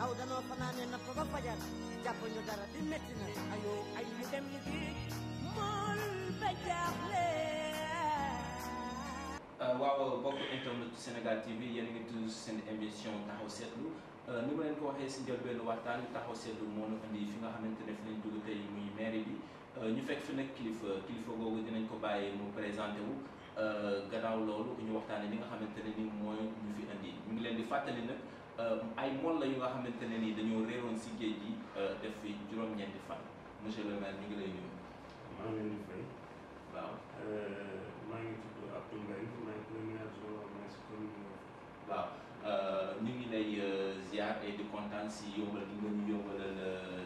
aw danoo fanaane napp ba fajar jàpp ñu dara di métti na ayoo ay ñu dem ñu géej mool ba jaaxle euh, waaw bokk internet Sénégal TV yéen a ngi tudd seen émission taxaw seetlu euh, ni ma leen ko waxee si njëlbéenu waxtaan taxaw seetlu moo ñu indi fi nga xamante ne fi lañ dugg tey muy mairie bi euh, ñu fekk fi nag kilifa kilifa googu dinañ ko bàyyee mu présenté wu gannaaw loolu ñu waxtaanee li nga xamante ne ni mooy ñu fi indi ñu ngi leen di fàttali nag. Euh, ay mool la yu nga xamante ne ni dañoo réeroon si géej gi euh, def fi juróom-ñeenti fan monsieur le maire ñu ngi lay nuyu. maa ngi leen waaw. Euh, maa ngi tudd Abdou Mbaye maa ngi premier ngi lay ziar et di kontaan si yombal gi nga ñu yombalal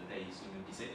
tey suñu gisee.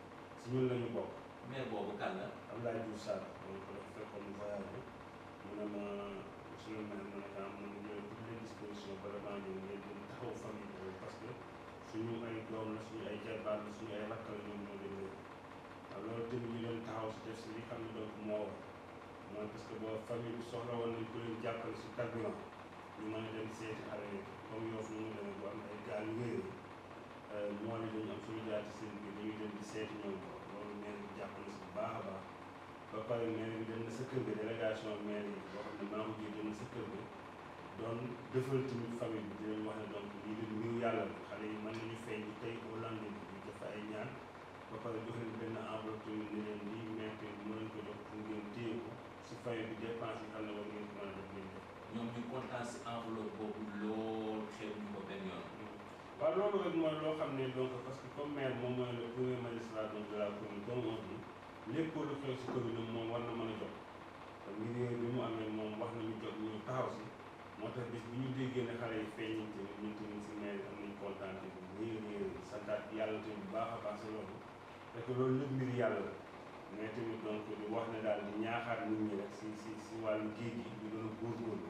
si ñun la bokk. maire boobu kan la. Abdoulaye Diouf Sarr donc fekkoon mu voyage mu ne ma monsieur le maire ma ne ah man ñooy toutes les dispositions vraiment ñu parce que suñu ay doom la suñu ay jarbaat la suñu ay rakk la ñoom ñoo waaw loolu tamit ñu leen taxaw si def si li xam ne donc moo war mooy parce que soxla woon nañ ko leen jàppale si tàggu ñu mën a dem seeti xale comme yoo fu mu demee bu ay gaal yu ñooñu dañu am suñu jaar ci seen liggéey dañuy dem di seeti ñoom loolu maire bi jàpp na si baax a baax ba pare maire bi dem na sa kër ga délégation maire yi boo xam ne maamu ji dem na sa kër ga doon defal donc lii di nuyu yàlla la xale yi mën nañu feeñ ñu tey au lendemain bi def ay ñaan ba pare joxe leen benn enveloppe tamit ne leen lii maire bi mën nañu ko jox pour ngeen téye ko si famille bi dépense yi xam ne war ngeen ko mën a ngeen def. ñoom ñu kontaan si enveloppe boobu lool. waaw loolu rek mooy loo xam ne donc parce que comme maire moom mooy le premier magistrat donc de la commune donc moom bi lépp lu xew si commune moom a jot te ngir yooyu bi mu amee moom wax nañu jot ñu taxaw si moo tax bis bu ñu déggee ne xale yi feeñiñ tamit ñun tamit si maire am nañ kontaan bu ñëw ñëw santaat yàlla tamit bu baax a baax si loolu parce que loolu lépp mbir yàlla la mais tamit donc di wax ne daal di ñaaxaat nit ñi rek si si si wàllu géej gi ñu doon góorgóorlu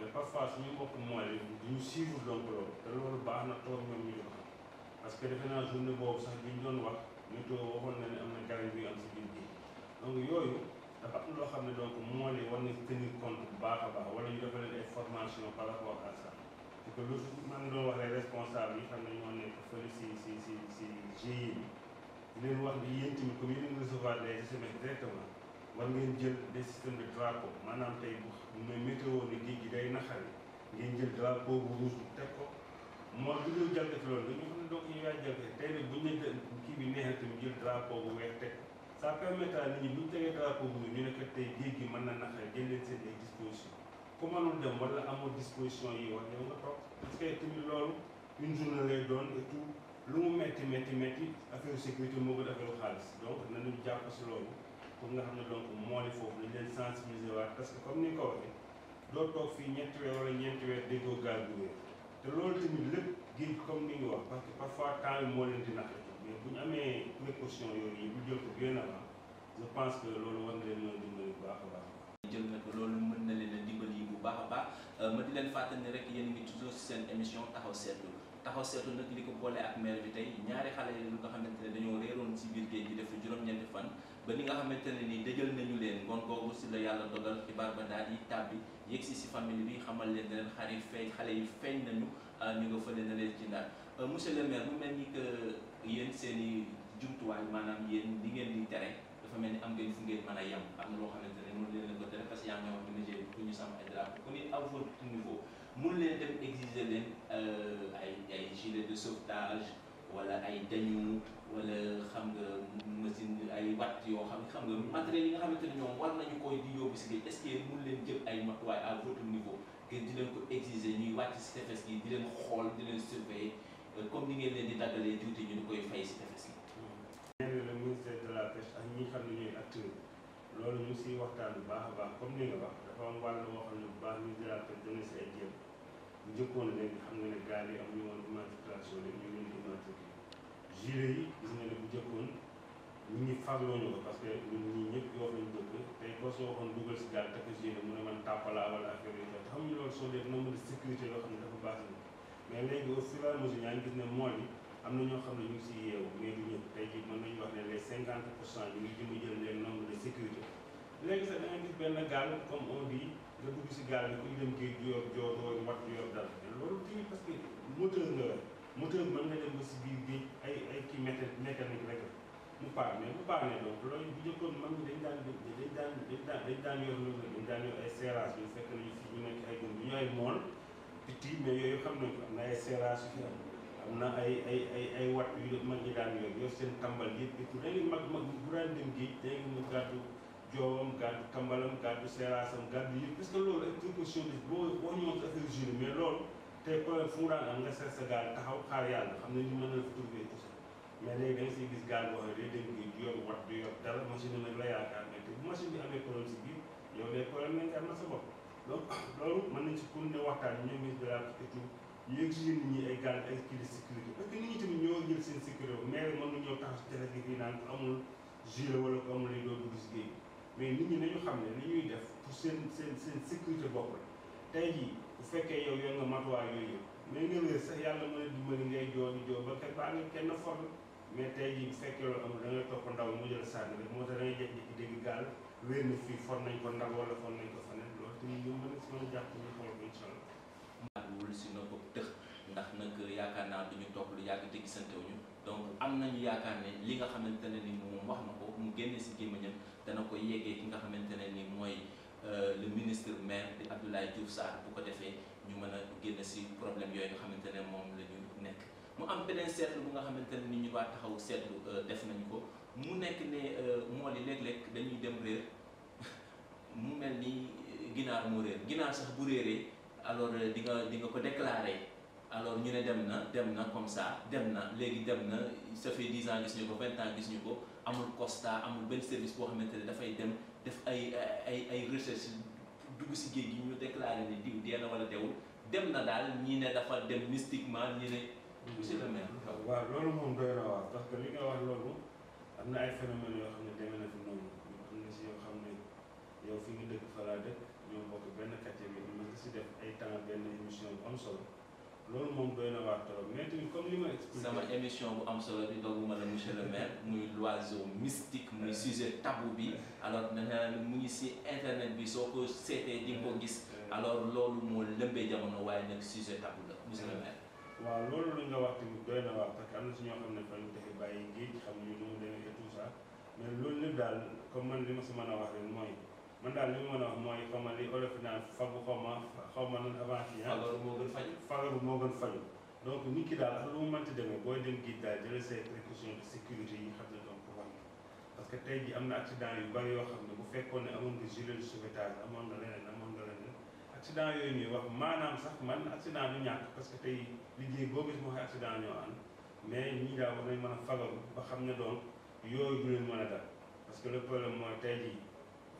mais parfois suñu mbokk mooy duñu suivre donc loolu te loolu baax na toog ñoom ñu ko xam parce que defe naa journée boobu sax bi ñu wax météo waxoon na loo xam ne donc mooy li war bu baax a baax wala ñu defal leen ay formation par rapport à ça parce doon wax les yi xam ne ñoo nekk fële si si si si GIE bi leen wax ni yéen tamit comme yéen a recevoir les directement war ngeen jël des décision de drapeau maanaam tey bu muy météo ni géej gi day naxari ngeen jël drapeau bu rouge bi teg ko moo du ñu jalgati loolu dañu xam ne donc ñu yaay jalgati tey nag bu ñu ne kii bi neexee tamit jël drapeau bu weex teg ça permettra nit ñi bu ñu tegee drapeau bu ñu ne kat tey géej gi mën na naxari jël leen seen ay disposition ku mënul dem wala amoo disposition yi wax yow nga toog parce que tamit loolu une journée lay doon et tout lu mu metti metti metti affaire sécurité moo ko defal xaalis donc nañu jàpp si loolu pour nga xam ne donc moo li foofu dañ leen sensibiliser waat parce que comme ni nga ko waxee doo toog fii ñetti weer wala ñeenti weer déggoo gaal gu wér te loolu tamit lépp géej comme ni nga wax parce que parfois temps moo leen di naqari mais bu ñu amee précaution yooyu bu jël ko bien avant je pense que loolu war na leen mën dimbali bu baax baax. loolu na leen a bu baax a baax euh, ma di leen fàttali ne rek yéen ngi toujours si seen émission taxaw seetlu taxaw seetlu nag li ko boole ak bi tey ñaari xale yi nga xamante ne dañoo réeroon si biir géej gi def juróom-ñeenti fan. ba ni nga xamante ne nii dëjël nañu leen ngoon googu si la yàlla dogal xibaar ba daal di tàbbi yegg si si famille bi xamal leen de leen xar yi feeñ xale yi feeñ nañu ah, ñu nga fële na leen ci ndax ah, monsieur le maire mu mel ni que yéen seen i jumtuwaay maanaam yéen li ngeen di tere dafa mel ni am ngeen fu ngeen mën a yem am na loo xamante ne mënu leen leen ko tere parce yaa ngi wax dina jël pour ñu sàmm ay drapeau ku nit à votre niveau mun leen dem exiger leen ah, ay ay gilet de sauvetage wala ay dañu wala xam nga machine ay watt yoo xam xam nga matériel yi nga xamante ne ñoom war nañu koy di yóbbu si géej est mun leen jël ay matuwaay à votre niveau ngeen di leen ko exiger ñuy di leen xool di leen surveiller euh, comme ni ngeen leen di daggalee tuuti ñu di koy fay si tefes gi. nee na le ministère de la pêche ak ñi xam ne ñooy acteurs loolu ñu siy waxtaan bu baax a baax comme ni nga wax dafa am wàll moo xam ne bu baax ministère de la pêche njëkkoon léegi xam nga ne gaal yi amuñu woon immatriculation léegi ñu ngi leen di immatriculé yi gis nga ne bu njëkkoon ñu ko parce que ñun ñii ñëpp yoo tey boo soo waxoon dugal si gaal takk gilet mu ne man tàppalaa wala affaire yi nga xam ñu loolu soo dee de sécurité yoo xam ne dafa baax ni mais léegi au fur et ñaa gis ne mool yi am na ñoo xam ne ñu ngi si yeewu mais du ñëpp tey jii nañu wax ne les cinquante pour cent ñu ngi jëm jël les nombre de sécurité nga dugg si gaal bi ku ñu dem géej gi yor joo doo mat yor dara loolu tamit parce que moteur nga la moteur mën nga dem ba si biir géej ay ay kii mété mécanique rek mu paane mu paane donc loolu bu njëkkoon mag ñi dañ daan dañ daan dañ daan dañ daan yor loolu dañ daan yor ay serrage yu fekk nañu fi ñu nekk ay góor ñu ay mool petit mais yooyu xam nañ ko am na ay serrage yu fi am am na ay ay ay ay wat yu mag ñi daan yor yor seen tambal yëpp et tout léegi mag mag bu daan dem géej léegi mu gàddu joowam gàddu kambalam gàddu seeraasam gàddu yëpp parce que loolu ay précaution def boo boo ñëwoon affaire jury mais loolu tey problème fu mu daan am da nga gis gaal boo xam ne day dem bi nag la yaakaar mais te na sa bopp donc loolu mën nañ si ñoom ministre ñu exiger nit ñi ay gaal ay kii de sécurité seen sécurité mais mën na ñoo taxaw si télé bi naan amul juré wala ko amul lay doo dugg si géej mais nit ñi nañu xam ne li ñuy def pour seen seen seen sécurité bopp la tey jii bu fekkee yow yor nga matuwaay yooyu yëpp mais nga wér sax yàlla mën a dimbali ngay joo di joo ba kat baa nga kenn forme mais tey jii bu fekkee loolu amul da ngay topp ndaw mu jël sànni rek moo tax da ngay jékki-jékki dégg gaal wér na fii for nañ ko ndaw wala for nañ ko feneen loolu tamit ñu mën a si mën ñu xool ko incha wul si na ko ndax nag yaakaar naa duñu toog lu yàgg te gisante wuñu donc am nañu yaakaar ne li nga xamante ni moom wax na ko mu génne si gémmiñam dana ko yeggee ki nga xamante ne ni mooy euh, le ministre maire di Abdoulaye Diouf Sarr bu ko defee ñu mën a génn si problème yooyu nga xamante ne moom la ñu nekk mu am beneen seetlu bu nga xamante ne ni ñu waa taxaw seetlu euh, def nañ ko mu nekk ne euh, mool yi léeg lekk dañuy dem réer mu mel ni ginaar moo réer ginaar sax bu réeree alors di nga di nga ko déclarer alors ñu ne dem na dem na comme ça dem na léegi dem na ça fait dix ans gis ñu ko vingt ans gis ñu ko amul constat amul benn service boo xamante dafay dem def ay ay ay recherche dugg si géej gi ñu déclaré ne diw dee na wala deewul dem na daal ñi ne dafa dem mystiquement ñi ne. monsieur le maire. waaw loolu moom doy waaw parce que li nga wax loolu am na ay phénomènes yoo xam ne demee na fi noonu am na si yoo xam ne yow fi nga dëkk fa dëkk ñoo bokk benn quartier bi ñu ngi si def ay temps benn émission bu am solo. loolu moom doy na waar trop mais comme li ma expliqué. sama émission bu am solo bi doogu ma la monsieur le maire muy l'oiseau mystique muy sujet tabou bi alors maintenant mu ngi si internet bi soo ko seetee di nga ko gis alors loolu moo lëmbee jamono waaye nag sujet tabou la monsieur le maire. waaw loolu lu nga wax tamit doy na waar parce am na si ñoo xam ne fan ñu defee bàyyi géej xam ñu nu mu demee et tout mais loolu lépp daal comme man li ma si mën a wax rek mooy. man daal li ma mën a wax mooy xaw ma li olof naan fagu xaw ma ma nan avancé yi. Ah. fagaru moo gën faju fagaru moo gën faju donc nit daal ak lu mu mënti demee booy parce que tey jii am na accident yu bari yoo xam ne bu fekkoon ne amoon nga gilet de sauvetage amoon nga leneen amoon nga leneen accident yooyu ñuy wax maanaam sax man accident du ñàkk parce que tey liggéey boo gis moo xam accident ñoo ànd mais ñii daal war nañ mën a fagaru ba xam ne donc yooyu leen mën a dal parce que le problème mooy tey jii.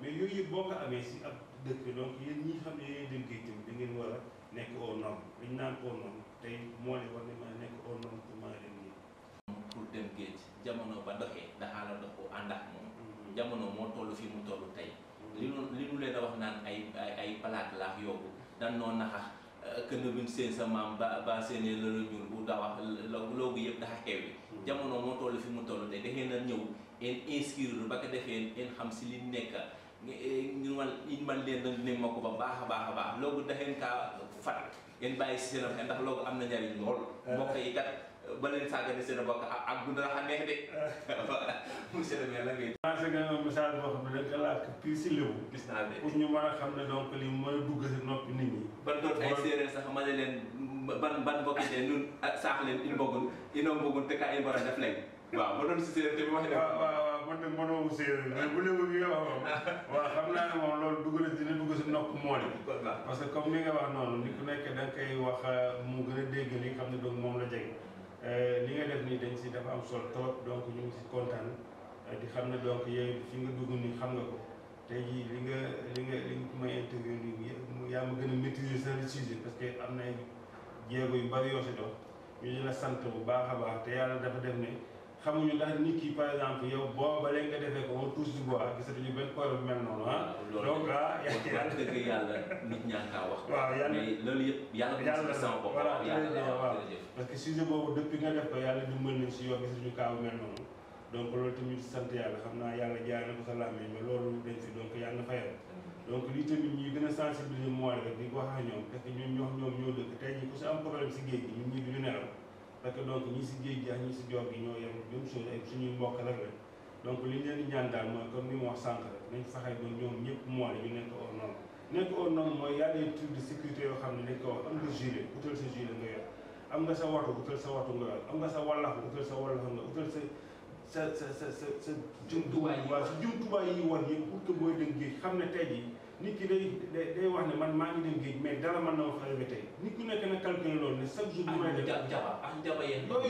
mais yooyu yëpp boo ko amee si ab dëkk donc yéen ñi xam ne dem koy jëm ngeen war a nekk au norme naan au tey moo ne war na maa nekk au norme pour maa dem géej jamono ba doxee daxaa la dox ko ànd mm-hmm. jamono moo toll fii mu toll mm-hmm. li nu li a wax naan ay ay palaat laax yóbbu dan noo naxax euh, seen sa maam ba ba seenee lala ñuul bu dawax loogu yëpp daxa xew mm-hmm. jamono moo toll fi mu toll tey da ngeen a ñëw en inscrire ba ko defee en xam si li nekk ñun eh, leen na ne ma ko ba baax baax a baax loogu daxeen kaa fat ngeen bàyyi si seen xel ndax loogu am na njariñ lool eh. mbokk yi kat ba leen sàggane seen mbokk ak ah, bu dara eh. le maire la ngay lancé nga un message boo xam ne da laak pii si léwu gis naa de ñu mën a xam ne donc li mooy dugg si noppi nit ñi ban doon ay séeréer sax ma ne leen ban ban mbokk yi ñun ah, saax leen il bëggul inoo bëggul te kaa i mbara def lañ waaw ma doon si séeréer te bi wax man nag mënoo wu séeréer mais bu léegi bi nga wax moom waaw xam naa ne moom loolu dugg na dina dugg si nopp mool yi parce que comme ni nga wax noonu ni ku nekk da nga koy wax euh, mu gën a dégg li nga xam ne donc moom la jege euh, li nga def nii dañ si dafa am solo trop donc ñu ngi si kontaan euh, di xam ne donc yooyu fi nga dugg nii xam nga ko tey jii li nga li nga li nga may interview nii yaa ma gën a maîtriser sa sujet parce que am na jéego yu bari yoo si dox ñu di la sant bu baax a baax te yàlla dafa def ne xamuñu ndax nit ki par exemple yow booba léegi nga defee ko moom touche du bois gisatuñu benn koor bu mel noonu ah. donc ah yàlla dëgg yàlla nit ñaa kaa wax. waaw yàlla mais loolu tamit sant yàlla xam naa yàlla jaay na ko sa làmmiñ mais loolu dañ si donc na fayal. donc lii tamit ñuy gën a sensibiliser mooy rek di ko wax ak ñoom parce que ñoo ñoo dëkk tey jii ku si am si géej gi ñun nelaw parce que donc ñi si géej gi ak ñi si joor gi ñoo yem même chose ay suñuy mbokk rek la donc li ñu leen di ñaan daal mooy comme ni mu wax sànq rek nañ fexe mooy ñu nekk aux normes nekk mooy y a des trucs de sécurité yoo xam ne dañ ko wax am nga gilet utal sa gilet nga yor am nga sa watu utal sa watu nga yor am nga sa wallax utal sa wallax nga utal sa sa sa sa sa sa jumtuwaay yi waaw sa yi war yëpp pour que booy dem géej xam ne tey nit ki day day wax ne man maa ngi dem géej mais dara mën na ma fa tey nit ku nekk na calculé loolu ne chaque jour. bu may def ak jaba ak jaba parce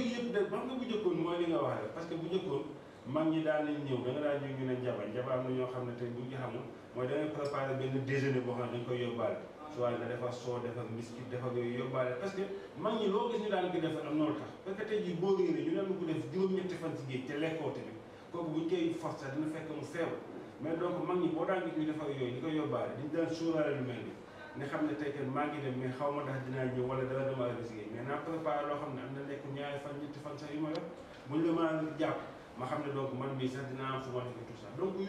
que bu njëkkoon mag ñi daan nañ ñëw da nga ne jaba jaba am na ñoo xam ne tey bu ñu xamul mooy da ngay préparé benn déjeuner boo xam ne dañ koy yóbbaale. soit nga defar soo defar biscuit defar yooyu yóbbaale parce que mag ñi loo gis ñu daal ko def am noonu tax parce tey jii boo réeré ñu ne ko def juróom-ñetti fan si géej te lekkoo tamit kooku buñ koy forcer dina mais donc man ñi boo daan gis ñu def ak mel ni nga xam ne tey maa ngi dem mais ma ndax dinaa loo xam ne am na lekk ñaari la mën a xam ne donc man mii sax dinaa am ma nekk tout ça donc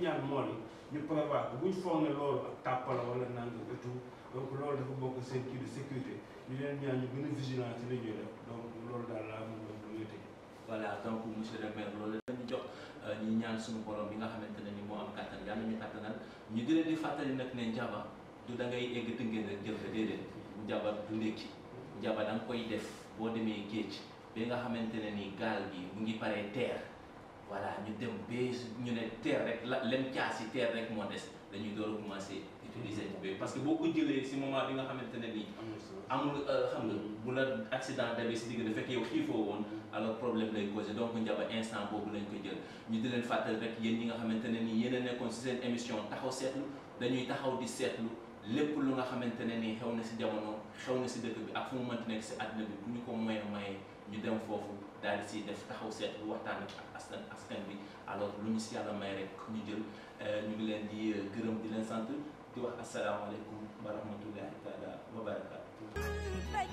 ñaan moo ñu prévoir ko buñ foog ne loolu ak tàppala wala nangam et tout donc loolu dafa bokk seen kii de sécurité ñu leen ñaan ñu a vigilant ci li daal laa ñu jox euh, ñuy ñaan suñu borom yàlla ñu attanal ñu di di fàttali nag ne njabar da ngay egg tëngeen rek jël ko déedéet njabar du koy def boo demee géej bi nga xamante ne ni gaal gi mu ngi paree teer voilà ñu dem bee ñu ne teer rek la lem caas yi teer rek moo des dañuy door a commencé utiliser tubéy parce que boo ko si moment bi nga xamante ne nii amul euh, xam nga bu la accident dabee si digg da fekk yow xiifoo woon alors problème lay causé donc njaba instant boobu lañ ko jël ñu di leen fàttali rek yéen ñi nga xamante ne nii yéen a nekkoon si seen émission taxaw seetlu dañuy taxaw di seetlu lépp lu nga xamante ne nii xew na si jamono xew na si dëkk bi ak fu mu mënti nekk si àddina bi bu ñu ko moyen maye ñu dem foofu daal di siy def taxaw seetlu waxtaan ak askan askan bi alors lu ñu si yàlla may rek ñu jël euh, ñu ngi leen di euh, gërëm di leen sant di wax asalaamaaleykum wa rahmatullahi